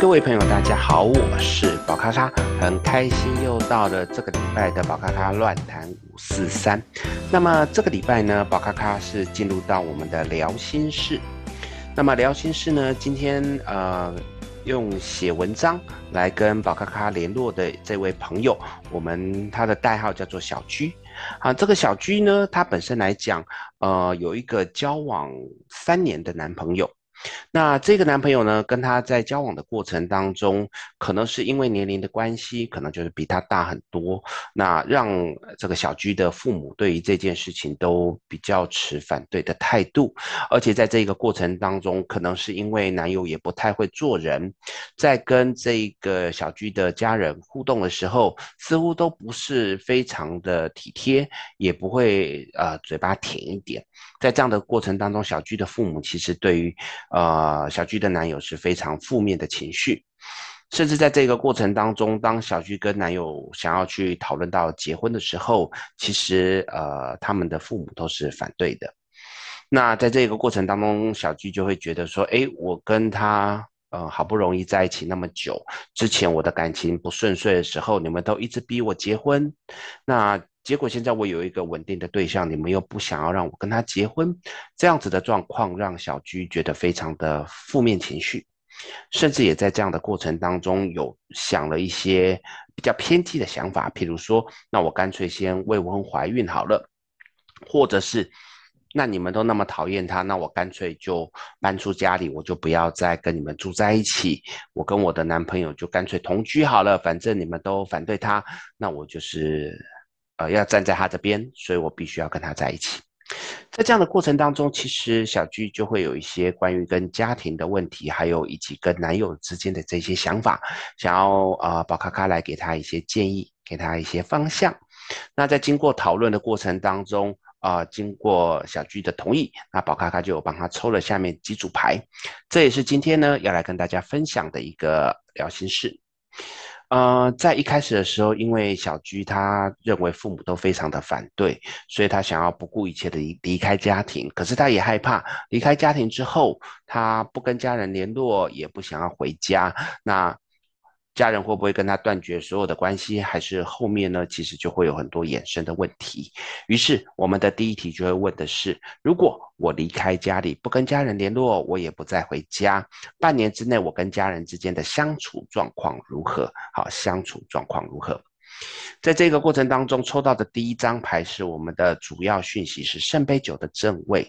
各位朋友，大家好，我是寶咖咖，很開心又到了這個禮拜的寶咖咖亂談五四三。那麼這個禮拜呢，寶咖咖是進入到我們的療心室。那麼療心室呢，今天呃用寫文章來跟寶咖咖聯絡的這位朋友，我們他的代號叫做小 G 啊。這個小 G 呢，他本身來講呃有一個交往三年的男朋友。那這個男朋友呢，跟他在交往的過程當中，可能是因為年齡的關係，可能就是比他大很多。那讓這個小 G 的父母對於這件事情都比較持反對的態度。而且在這個過程當中，可能是因為男友也不太會做人，在跟這個小 G 的家人互動的時候，似乎都不是非常的體貼，也不會，呃，嘴巴甜一點。在這樣的過程當中，小 G 的父母其實對於，呃，小 G 的男友是非常負面的情緒，甚至在這個過程當中，當小 G 跟男友想要去討論到結婚的時候，其實呃，他們的父母都是反對的。那在這個過程當中，小 G 就會覺得說，哎，我跟他，呃，好不容易在一起那麼久，之前我的感情不順遂的時候，你們都一直逼我結婚，那，結果現在我有一個穩定的對象，你們又不想要讓我跟他結婚，這樣子的狀況讓小 G 覺得非常的負面情緒，甚至也在這樣的過程當中有想了一些比較偏激的想法，譬如說，那我乾脆先未婚懷孕好了，或者是，那你們都那麼討厭他，那我乾脆就搬出家裡，我就不要再跟你們住在一起，我跟我的男朋友就乾脆同居好了，反正你們都反對他，那我就是。呃，要站在他這邊，所以我必須要跟他在一起。在這樣的過程當中，其實小 G 就會有一些關於跟家庭的問題，還有以及跟男友之間的這些想法，想要呃寶咖咖來給他一些建議，給他一些方向。那在經過討論的過程當中，啊、呃，經過小 G 的同意，那寶咖咖就有幫他抽了下面幾組牌。這也是今天呢要來跟大家分享的一個療心室。呃，在一開始的時候，因為小 G 他認為父母都非常的反對，所以他想要不顧一切的離離開家庭。可是他也害怕離開家庭之後，他不跟家人聯絡，也不想要回家。那。家人會不會跟他斷絕所有的關係？還是後面呢？其實就會有很多衍生的問題。於是我們的第一題就會問的是：如果我離開家裡，不跟家人聯絡，我也不再回家，半年之內我跟家人之間的相處狀況如何？好，相處狀況如何？在這個過程當中，抽到的第一張牌是我們的主要訊息，是聖杯九的正位；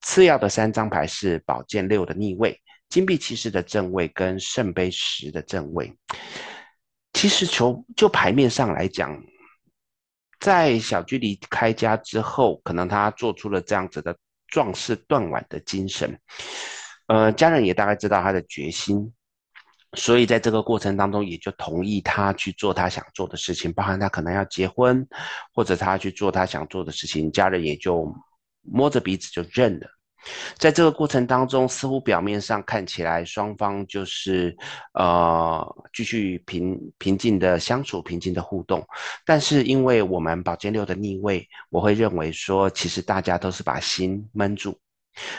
次要的三張牌是寶劍六的逆位。金幣騎士的正位跟聖杯十的正位，其實從就牌面上來講，在小 G 離開家之後，可能他做出了這樣子的壯士斷腕的精神。呃，家人也大概知道他的決心，所以在這個過程當中，也就同意他去做他想做的事情，包含他可能要結婚，或者他去做他想做的事情，家人也就摸着鼻子就認了。在這個過程當中，似乎表面上看起來雙方就是，呃，繼續平平靜的相處，平靜的互動。但是，因為我們寶劍六的逆位，我會認為說，其實大家都是把心悶住。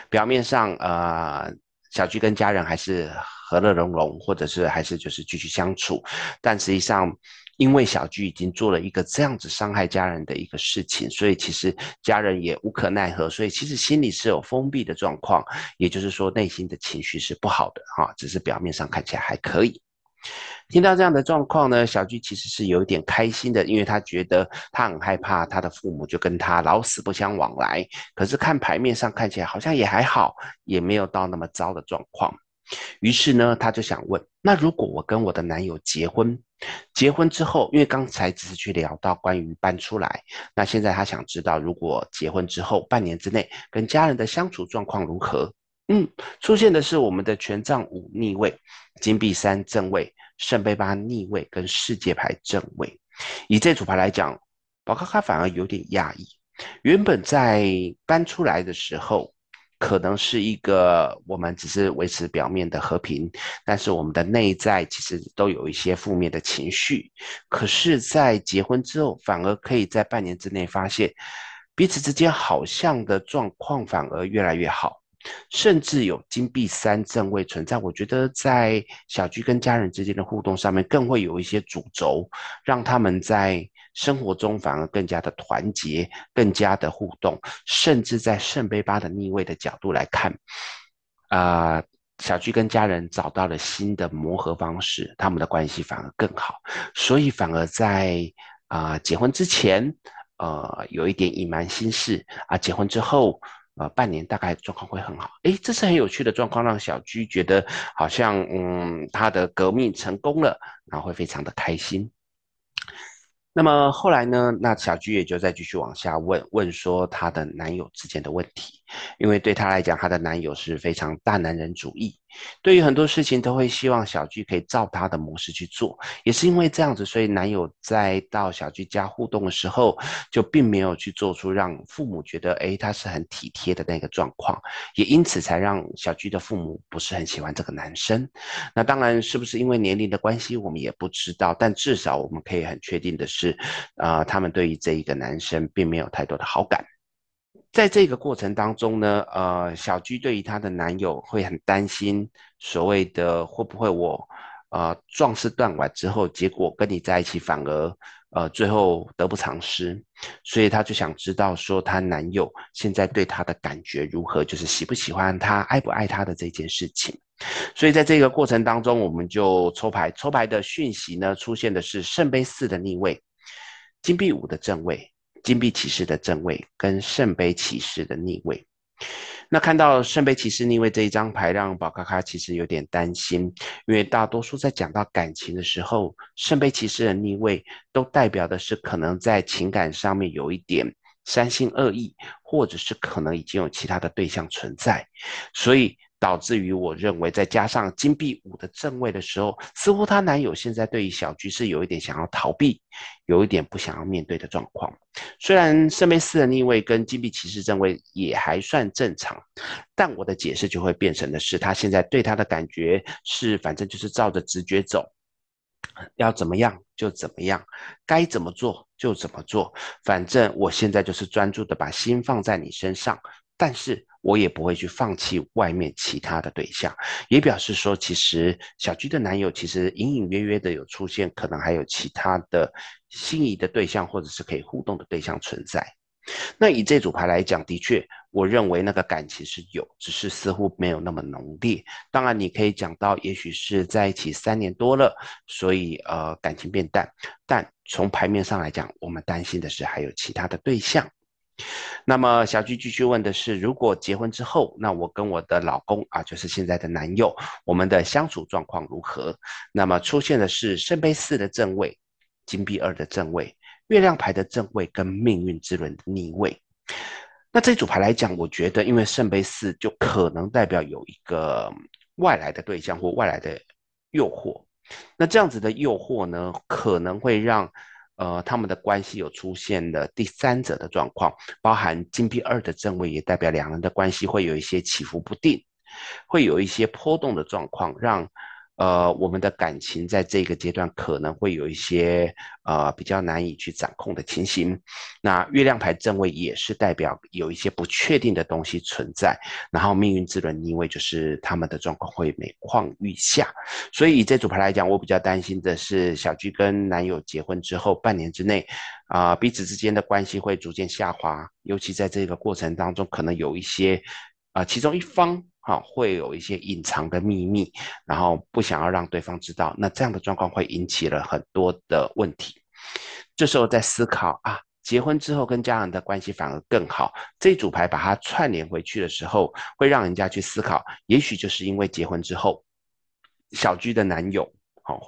表面上，呃，小 G 跟家人還是和樂融融，或者是還是就是繼續相處，但實際上。因為小 G 已經做了一個這樣子傷害家人的一個事情，所以其實家人也無可奈何，所以其實心裡是有封閉的狀況，也就是說內心的情緒是不好的哈，只是表面上看起來還可以。聽到這樣的狀況呢，小 G 其實是有一點開心的，因為她覺得她很害怕她的父母就跟她老死不相往來，可是看牌面上看起來好像也還好，也沒有到那麼糟的狀況。於是呢，她就想問：那如果我跟我的男友結婚？結婚之後，因為剛才只是去聊到關於搬出來，那現在他想知道，如果結婚之後半年之內跟家人的相處狀況如何？嗯，出現的是我們的權杖五逆位、金幣三正位、聖杯八逆位跟世界牌正位。以這組牌來講，寶咖咖反而有點壓抑。原本在搬出來的時候。可能是一個，我們只是維持表面的和平，但是我們的內在其實都有一些負面的情緒。可是，在結婚之後，反而可以在半年之內發現，彼此之間好像的狀況反而越來越好，甚至有金幣三正位存在。我覺得在小 G 跟家人之間的互動上面，更會有一些主軸，讓他們在。生活中反而更加的團結，更加的互動，甚至在聖杯八的逆位的角度來看，啊、呃，小 G 跟家人找到了新的磨合方式，他們的關係反而更好，所以反而在啊、呃、結婚之前，呃，有一點隱瞞心事啊，結婚之後，呃，半年大概狀況會很好，誒，這是很有趣的狀況，讓小 G 覺得好像嗯，他的革命成功了，然後會非常的開心。那麼後來呢？那小 G 也就再繼續往下問問說，她的男友之間的問題。因為對她來講，她的男友是非常大男人主義，對於很多事情都會希望小 G 可以照他的模式去做。也是因為這樣子，所以男友在到小 G 家互動的時候，就並沒有去做出讓父母覺得，哎，他是很體貼的那個狀況，也因此才讓小 G 的父母不是很喜歡這個男生。那當然是不是因為年齡的關係，我們也不知道。但至少我們可以很確定的是，啊、呃，他們對於這一個男生並沒有太多的好感。在這個過程當中呢，呃，小 G 對於她的男友會很擔心，所謂的會不會我，呃，壯士斷腕之後，結果跟你在一起反而，呃，最後得不償失，所以她就想知道說她男友現在對她的感覺如何，就是喜不喜歡她，愛不愛她的這件事情。所以在這個過程當中，我們就抽牌，抽牌的訊息呢，出現的是聖杯四的逆位，金幣五的正位。金幣騎士的正位跟聖杯騎士的逆位。那看到聖杯騎士逆位這一張牌，讓寶咖咖其實有點擔心，因為大多數在講到感情的時候，聖杯騎士的逆位都代表的是可能在情感上面有一點三心二意，或者是可能已經有其他的對象存在，所以。導致於，我認為再加上金幣五的正位的時候，似乎她男友現在對於小 G 是有一點想要逃避，有一點不想要面對的狀況。雖然聖杯四的逆位跟金幣騎士正位也還算正常，但我的解釋就會變成的是，他現在對她的感覺是，反正就是照着直覺走，要怎麼樣就怎麼樣，該怎麼做就怎麼做，反正我現在就是專注的把心放在你身上，但是，我也不會去放棄外面其他的對象，也表示說，其實小 G 的男友其實隱隱約約的有出現，可能還有其他的心儀的對象，或者是可以互動的對象存在。那以這組牌來講，的確，我認為那個感情是有，只是似乎沒有那麼濃烈。當然，你可以講到，也許是在一起三年多了，所以呃感情變淡。但從牌面上來講，我們擔心的是還有其他的對象。那麼小 G 繼續問的是，如果結婚之後，那我跟我的老公啊，就是現在的男友，我們的相處狀況如何？那麼出現的是聖杯四的正位、金幣二的正位、月亮牌的正位跟命運之輪的逆位。那這組牌來講，我覺得因為聖杯四就可能代表有一個外來的對象或外來的誘惑。那這樣子的誘惑呢，可能會讓。呃，他們的關係有出現了第三者的狀況，包含金幣二的正位，也代表兩人的關係會有一些起伏不定，會有一些波動的狀況，讓。呃，我們的感情在這個階段可能會有一些呃比較難以去掌控的情形。那月亮牌正位也是代表有一些不確定的東西存在，然後命運之輪逆位就是他們的狀況會每況愈下。所以以這組牌來講，我比較擔心的是小 G 跟男友結婚之後半年之內，啊、呃、彼此之間的關係會逐漸下滑，尤其在這個過程當中可能有一些啊、呃、其中一方。好，會有一些隱藏的秘密，然後不想要讓對方知道，那這樣的狀況會引起了很多的問題。這時候在思考啊，結婚之後跟家人的關係反而更好。這組牌把它串聯回去的時候，會讓人家去思考，也許就是因為結婚之後，小 G 的男友好、哦，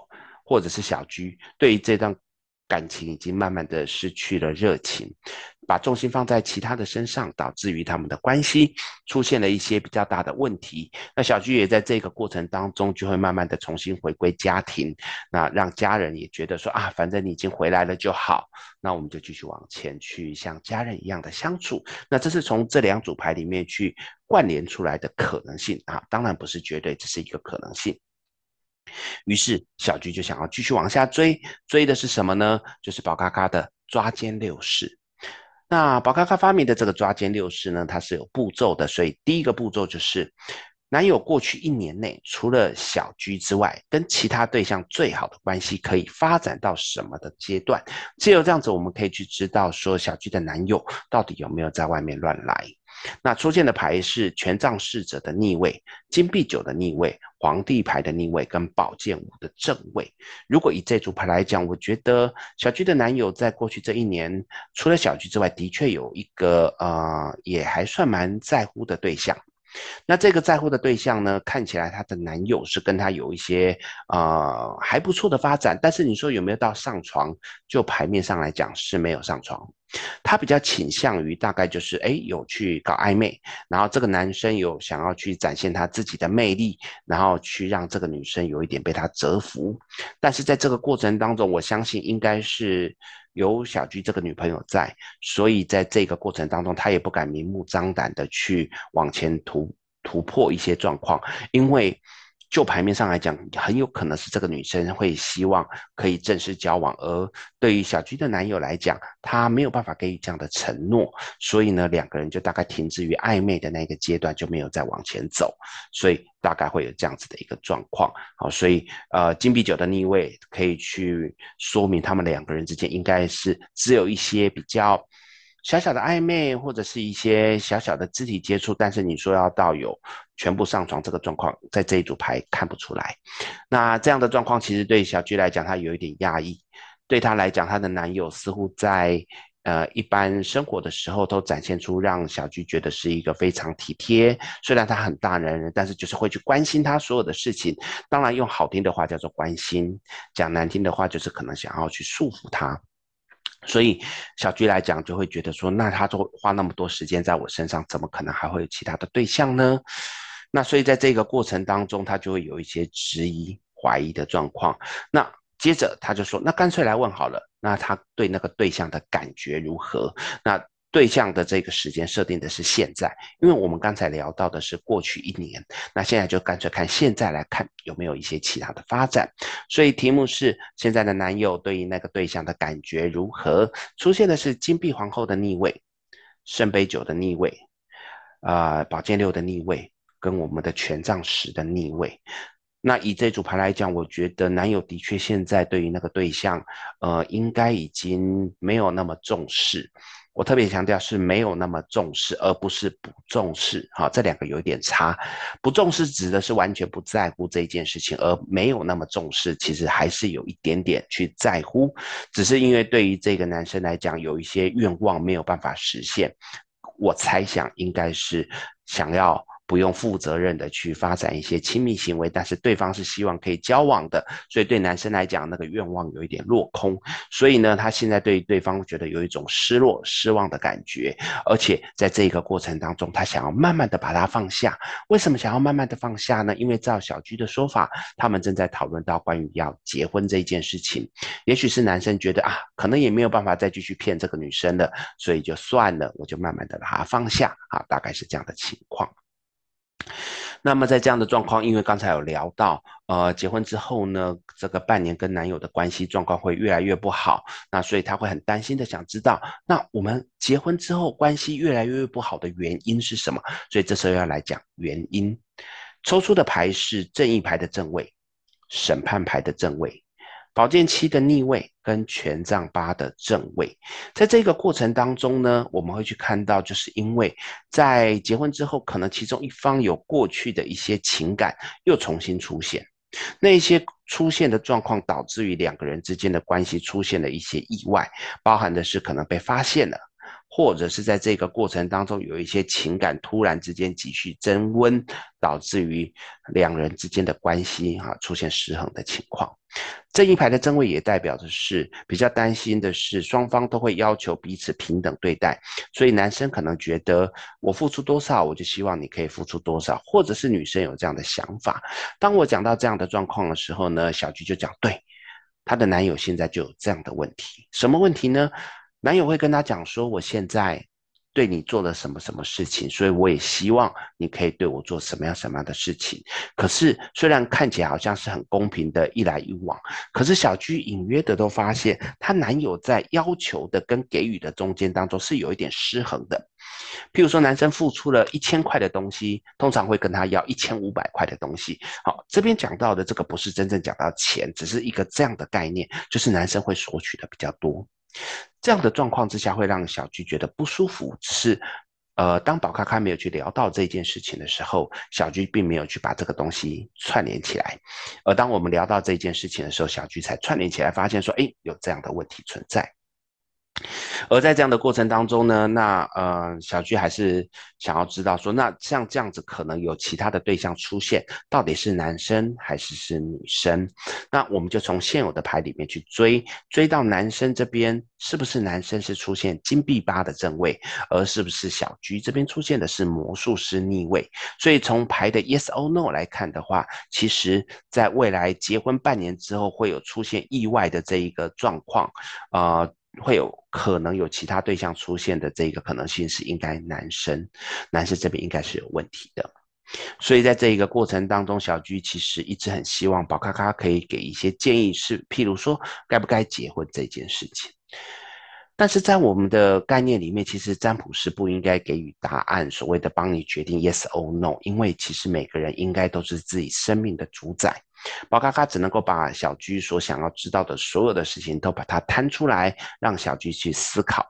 或者是小 G 對於這段。感情已經慢慢的失去了熱情，把重心放在其他的身上，導致於他們的關係出現了一些比較大的問題。那小 G 也在這個過程當中就會慢慢的重新回歸家庭，那讓家人也覺得說啊，反正你已經回來了就好，那我們就繼續往前去像家人一樣的相處。那這是從這兩組牌裡面去關聯出來的可能性啊，當然不是絕對，這是一個可能性。於是小 G 就想要繼續往下追，追的是什麼呢？就是寶咖咖的抓奸六式。那寶咖咖發明的這個抓奸六式呢，它是有步驟的，所以第一個步驟就是男友過去一年內除了小 G 之外，跟其他對象最好的關係可以發展到什麼的階段？只有這樣子，我們可以去知道說小 G 的男友到底有沒有在外面亂來。那出現的牌是權杖侍者的逆位、金幣九的逆位、皇帝牌的逆位跟寶劍五的正位。如果以這組牌來講，我覺得小 G 的男友在過去這一年，除了小 G 之外，的確有一個呃，也還算蠻在乎的對象。那這個在乎的對象呢，看起來她的男友是跟她有一些呃還不錯的發展，但是你說有沒有到上床，就牌面上來講是沒有上床，她比較傾向於大概就是誒，有去搞曖昧，然後這個男生有想要去展現他自己的魅力，然後去讓這個女生有一點被他折服，但是在這個過程當中，我相信應該是。有小 G 這個女朋友在，所以在這個過程當中，他也不敢明目張膽的去往前突突破一些狀況，因為。就牌面上來講，很有可能是這個女生會希望可以正式交往，而對於小 G 的男友來講，他沒有辦法給予這樣的承諾，所以呢，兩個人就大概停止於曖昧的那個階段，就沒有再往前走，所以大概會有這樣子的一個狀況。好，所以呃，金幣九的逆位可以去說明他們兩個人之間應該是只有一些比較。小小的曖昧或者是一些小小的肢體接觸，但是你說要到有全部上床這個狀況，在這一組牌看不出來。那這樣的狀況其實對小 G 來講，她有一點壓抑。對她來講，她的男友似乎在呃一般生活的時候都展現出讓小 G 覺得是一個非常體貼，雖然他很大男人，但是就是會去關心她所有的事情。當然用好聽的話叫做關心，講難聽的話就是可能想要去束縛她。所以小 G 來講，就會覺得說，那他就花那麼多時間在我身上，怎麼可能還會有其他的對象呢？那所以在這個過程當中，他就會有一些質疑、懷疑的狀況。那接着他就說，那乾脆來問好了，那他對那個對象的感覺如何？那對象的這個時間設定的是現在，因為我們剛才聊到的是過去一年，那現在就乾脆看現在來看有沒有一些其他的發展。所以題目是現在的男友對於那個對象的感覺如何？出現的是金幣皇後的逆位，聖杯九的逆位，啊、呃，寶劍六的逆位，跟我們的權杖十的逆位。那以這組牌來講，我覺得男友的確現在對於那個對象，呃，應該已經沒有那麼重視。我特別強調是沒有那麼重視，而不是不重視。哈，這兩個有一點差。不重視指的是完全不在乎這一件事情，而沒有那麼重視，其實還是有一點點去在乎，只是因為對於這個男生來講，有一些願望沒有辦法實現。我猜想應該是想要。不用負責任的去發展一些親密行為，但是對方是希望可以交往的，所以對男生來講，那個願望有一點落空。所以呢，他現在對對方覺得有一種失落、失望的感覺，而且在這個過程當中，他想要慢慢的把他放下。為什麼想要慢慢的放下呢？因為照小 G 的說法，他們正在討論到關於要結婚這件事情。也許是男生覺得啊，可能也沒有辦法再繼續騙這個女生了，所以就算了，我就慢慢的把它放下啊，大概是這樣的情況。那麼在這樣的狀況，因為剛才有聊到，呃，結婚之後呢，這個半年跟男友的關係狀況會越來越不好，那所以她會很擔心的，想知道，那我們結婚之後關係越來越不好的原因是什麼？所以這時候要來講原因，抽出的牌是正義牌的正位，審判牌的正位。寶劍七的逆位跟權杖八的正位，在這個過程當中呢，我們會去看到，就是因為在結婚之後，可能其中一方有過去的一些情感又重新出現，那一些出現的狀況導致於兩個人之間的關係出現了一些意外，包含的是可能被發現了，或者是在這個過程當中有一些情感突然之間急劇增溫，導致於兩人之間的關係哈、啊、出現失衡的情況。這一排的正位也代表的是比較擔心的是，雙方都會要求彼此平等對待，所以男生可能覺得我付出多少，我就希望你可以付出多少，或者是女生有這樣的想法。當我講到這樣的狀況的時候呢，小 G 就講，對，她的男友現在就有這樣的問題，什麼問題呢？男友會跟她講說，我現在。對你做了什麼什麼事情，所以我也希望你可以對我做什麼樣什麼樣的事情。可是雖然看起來好像是很公平的一來一往，可是小 G 隱約的都發現她男友在要求的跟給予的中間當中是有一點失衡的。譬如說，男生付出了一千塊的東西，通常會跟她要一千五百塊的東西。好，這邊講到的這個不是真正講到錢，只是一個這樣的概念，就是男生會索取的比較多。這樣的狀況之下會讓小 G 覺得不舒服。是，呃，當寶咖咖沒有去聊到這件事情的時候，小 G 並沒有去把這個東西串聯起來。而當我們聊到這件事情的時候，小 G 才串聯起來，發現說，哎，有這樣的問題存在。而在這樣的過程當中呢，那呃小 G 還是想要知道說，那像這樣子可能有其他的對象出現，到底是男生還是是女生？那我們就從現有的牌裡面去追，追到男生這邊，是不是男生是出現金幣八的正位，而是不是小 G 這邊出現的是魔術師逆位？所以從牌的 Yes or No 來看的話，其實在未來結婚半年之後會有出現意外的這一個狀況，啊、呃。會有可能有其他對象出現的這個可能性是應該男生，男生這邊應該是有問題的，所以在這一個過程當中，小 G 其實一直很希望寶咖咖可以給一些建議是，是譬如說該不該結婚這件事情。但是在我們的概念裡面，其實占卜師不應該給予答案，所謂的幫你決定 yes or no，因為其實每個人應該都是自己生命的主宰。寶咖咖只能夠把小 G 所想要知道的所有的事情都把它攤出來，讓小 G 去思考。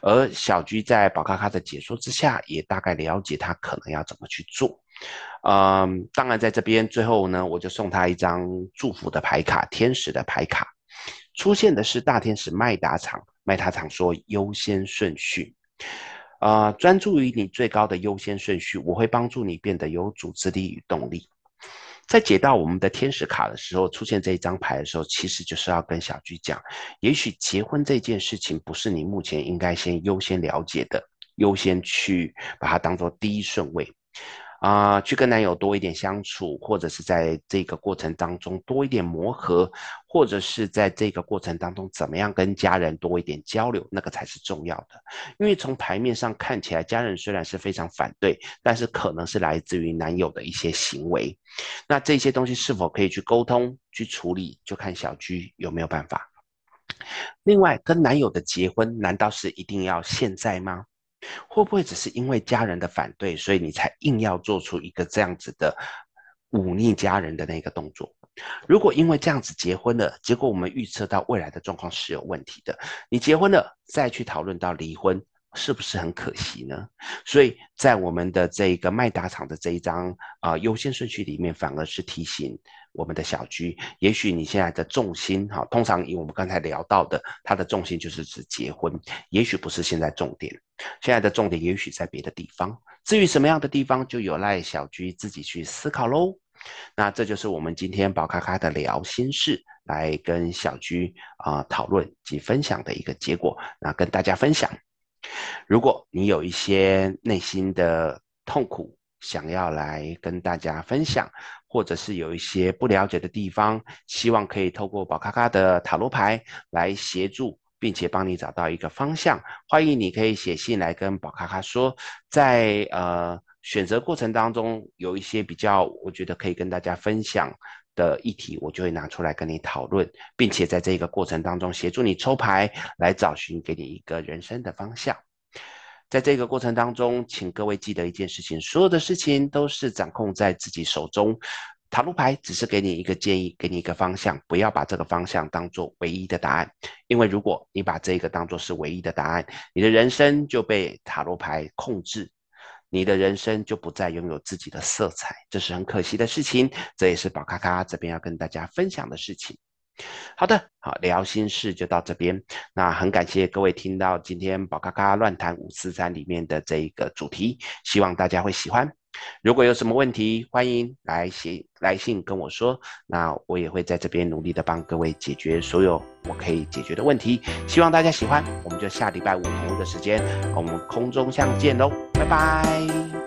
而小 G 在寶咖咖的解說之下，也大概了解他可能要怎麼去做。嗯，當然在這邊最後呢，我就送他一張祝福的牌卡，天使的牌卡，出現的是大天使麥達昶，麥達昶說優先順序，啊、呃，專注於你最高的優先順序，我會幫助你變得有組織力與動力。在解到我們的天使卡的時候，出現這一張牌的時候，其實就是要跟小 G 講，也許結婚這件事情不是你目前應該先優先了解的，優先去把它當做第一順位。啊、呃，去跟男友多一點相處，或者是在這個過程當中多一點磨合，或者是在這個過程當中怎麼樣跟家人多一點交流，那個才是重要的。因為從牌面上看起來，家人雖然是非常反對，但是可能是來自於男友的一些行為。那這些東西是否可以去溝通去處理，就看小 G 有沒有辦法。另外，跟男友的結婚難道是一定要現在嗎？會不會只是因為家人的反對，所以你才硬要做出一個這樣子的忤逆家人的那個動作？如果因為這樣子結婚了，結果我們預測到未來的狀況是有問題的，你結婚了再去討論到離婚，是不是很可惜呢？所以在我們的這一個麥達廠的這一張啊、呃，優先順序裡面，反而是提醒。我們的小 G，也許你現在的重心哈、啊，通常以我們剛才聊到的，它的重心就是指結婚，也許不是現在重點，現在的重點也許在別的地方，至於什麼樣的地方，就有賴小 G 自己去思考嘍。那這就是我們今天寶咖咖的療心室，來跟小 G 啊、呃、討論及分享的一個結果，那跟大家分享。如果你有一些內心的痛苦，想要來跟大家分享，或者是有一些不了解的地方，希望可以透過寶咖咖的塔羅牌來協助，並且幫你找到一個方向。歡迎你可以寫信來跟寶咖咖說，在呃選擇過程當中有一些比較，我覺得可以跟大家分享的議題，我就會拿出來跟你討論，並且在這個過程當中協助你抽牌來找尋給你一個人生的方向。在這個過程當中，請各位記得一件事情：所有的事情都是掌控在自己手中，塔羅牌只是給你一個建議，給你一個方向，不要把這個方向當做唯一的答案。因為如果你把這個當做是唯一的答案，你的人生就被塔羅牌控制，你的人生就不再擁有自己的色彩，這是很可惜的事情。這也是寶咖咖這邊要跟大家分享的事情。好的，好療心室就到這邊。那很感謝各位聽到今天寶咖咖亂談五四三裡面的這一個主題，希望大家會喜歡。如果有什麼問題，歡迎來信來信跟我說，那我也會在這邊努力的幫各位解決所有我可以解決的問題。希望大家喜歡，我們就下禮拜五同一個時間，我們空中相見嘍，拜拜。